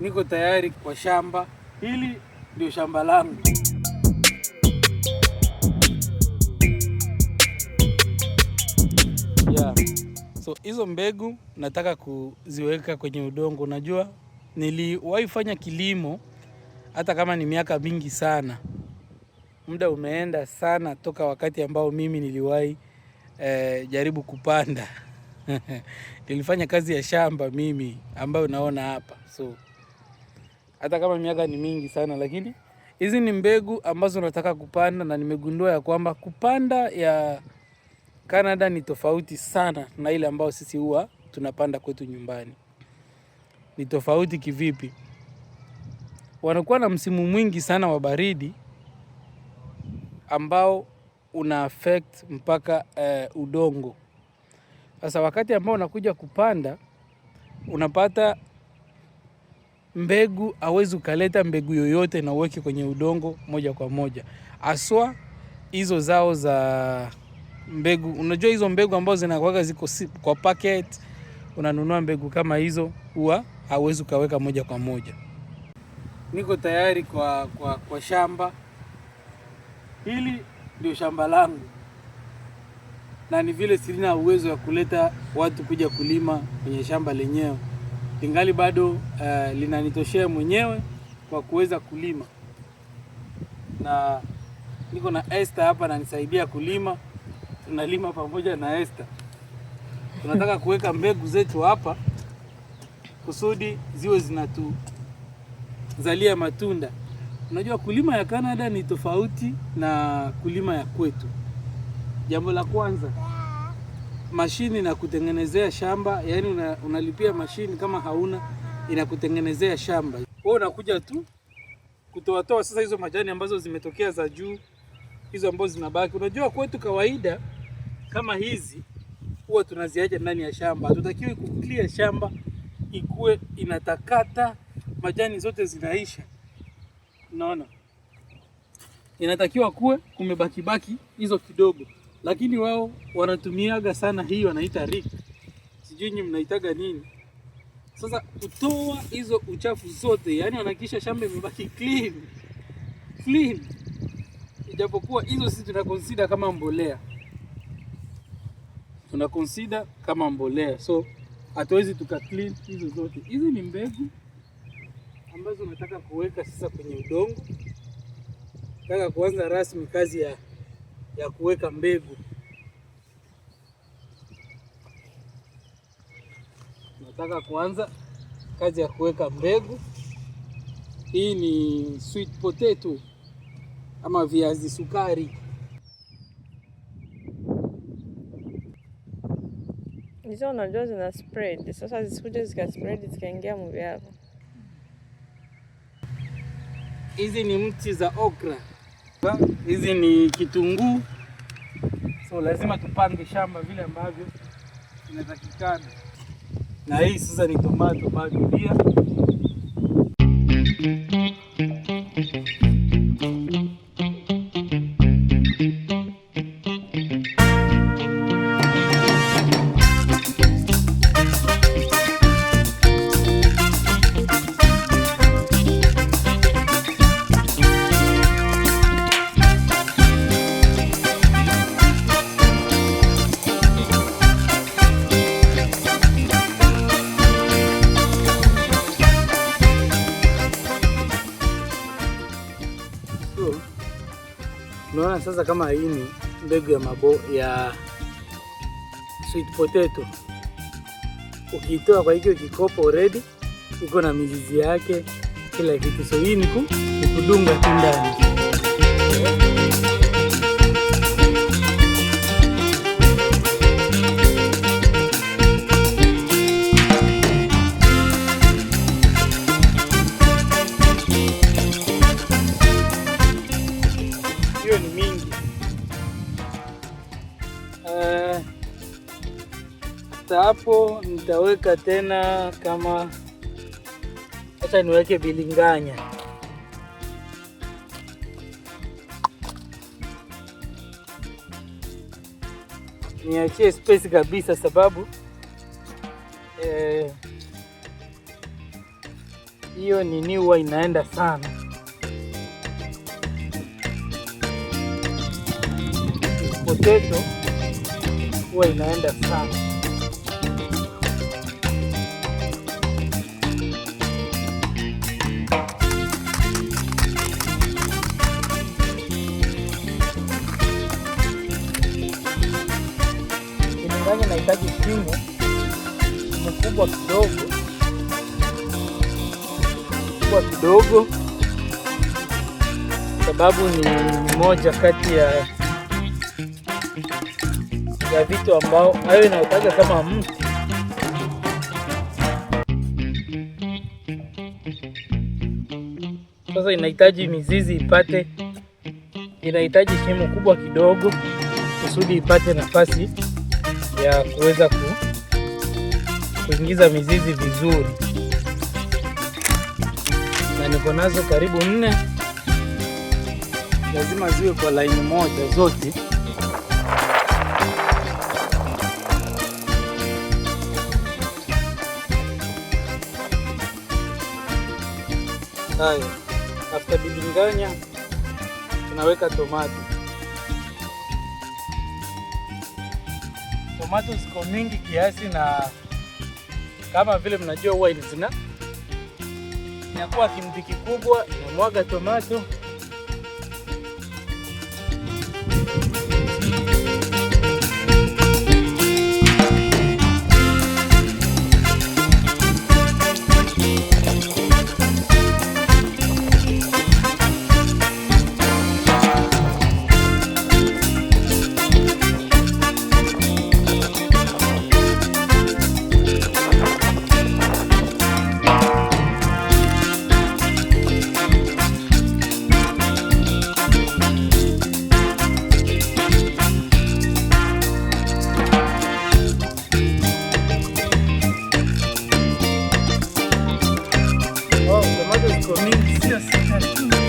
niko tayari kwa shamba hili, ndio shamba langu. Yeah. So hizo mbegu nataka kuziweka kwenye udongo. najua niliwahi fanya kilimo hata kama ni miaka mingi sana, muda umeenda sana toka wakati ambao mimi niliwahi eh, jaribu kupanda nilifanya kazi ya shamba mimi ambayo naona hapa so hata kama miaka ni mingi sana, lakini hizi ni mbegu ambazo nataka kupanda, na nimegundua ya kwamba kupanda ya Canada ni tofauti sana na ile ambayo sisi huwa tunapanda kwetu nyumbani. Ni tofauti kivipi? Wanakuwa na msimu mwingi sana wa baridi ambao una affect mpaka uh, udongo. Sasa wakati ambao unakuja kupanda unapata mbegu awezi ukaleta mbegu yoyote na uweke kwenye udongo moja kwa moja, aswa hizo zao za mbegu. Unajua hizo mbegu ambazo zinakuwaga ziko kwa packet, unanunua mbegu kama hizo, huwa awezi ukaweka moja kwa moja. Niko tayari kwa, kwa, kwa shamba hili, ndio shamba langu na ni vile sina uwezo wa kuleta watu kuja kulima kwenye shamba lenyewe ingali bado uh, linanitoshea mwenyewe kwa kuweza kulima, na niko na Esther hapa ananisaidia kulima, tunalima pamoja na Esther. Tunataka kuweka mbegu zetu hapa kusudi ziwe zinatuzalia matunda. Unajua, kulima ya Canada ni tofauti na kulima ya kwetu. Jambo la kwanza mashini na kutengenezea shamba, yaani una, unalipia mashini kama hauna inakutengenezea shamba. Wewe unakuja tu kutoatoa sasa hizo majani ambazo zimetokea za juu, hizo ambazo zinabaki. Unajua kwetu kawaida kama hizi huwa tunaziacha ndani ya shamba, hatutakiwi kuclear shamba ikuwe inatakata majani zote zinaisha. Unaona, inatakiwa kuwe kumebakibaki hizo kidogo lakini wao wanatumiaga sana hii, wanaita rik, sijui nyinyi mnaitaga nini. Sasa kutoa hizo uchafu zote, yani wanahakikisha shamba imebaki clean clean, ijapokuwa hizo sisi tuna consider kama mbolea, tuna consider kama mbolea, so hatuwezi tuka clean hizo zote. Hizi ni mbegu ambazo nataka kuweka sasa kwenye udongo, nataka kuanza rasmi kazi ya ya kuweka mbegu. Nataka kuanza kazi ya kuweka mbegu. Hii ni sweet potato ama viazi sukari. Hizo unajua zina spread. Sasa zisikuje zika spread zikaingia mwili yako. Hizi ni mti za okra hapa, hizi ni kitunguu, so lazima tupange shamba vile ambavyo inatakikana, na hii sasa ni tomato bado pia sasa, kama hii ni mbegu ya mabo ya sweet potato, ukitoa kwa hiyo kikopo already iko na mizizi yake kila kitu, so hii ni kudunga tu ndani hapo nitaweka tena kama hata niweke bilinganya niachie space kabisa, sababu eh, hiyo eh, nini huwa inaenda sana. Potato huwa inaenda sana. inahitaji kimo mkubwa kidogo mkubwa kidogo, sababu ni moja kati ya ya vitu ambao hayo inayotaja kama mti sasa inahitaji mizizi ipate, inahitaji shimo kubwa kidogo kusudi ipate nafasi ya kuweza ku, kuingiza mizizi vizuri, na niko nazo karibu nne. Lazima ziwe kwa laini moja zote. Haya, after bibinganya tunaweka tomato tomato ziko mingi kiasi, na kama vile mnajua huwa zina inakuwa kimti kikubwa, inamwaga tomato seu sapatinho.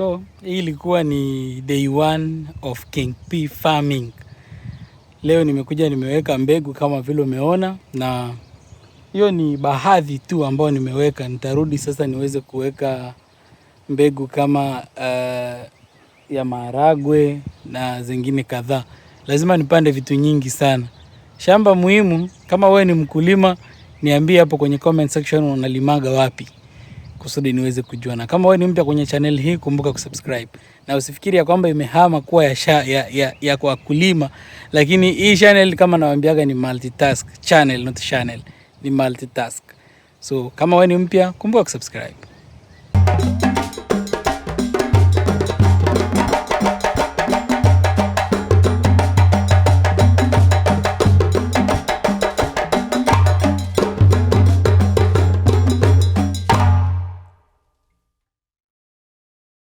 So hii ilikuwa ni day one of King P farming. Leo nimekuja nimeweka mbegu kama vile umeona, na hiyo ni baadhi tu ambayo nimeweka. Nitarudi sasa niweze kuweka mbegu kama uh, ya maharagwe na zingine kadhaa. Lazima nipande vitu nyingi sana. Shamba muhimu. Kama wewe ni mkulima, niambie hapo kwenye comment section unalimaga wapi kusudi niweze kujua. Na kama wewe ni mpya kwenye channel hii, kumbuka kusubscribe na usifikiri ya kwamba imehama kuwa ya, sha, ya, ya, ya kwa kulima, lakini hii channel kama nawaambiaga ni multitask channel, not channel, ni multitask. So kama wewe ni mpya, kumbuka kusubscribe.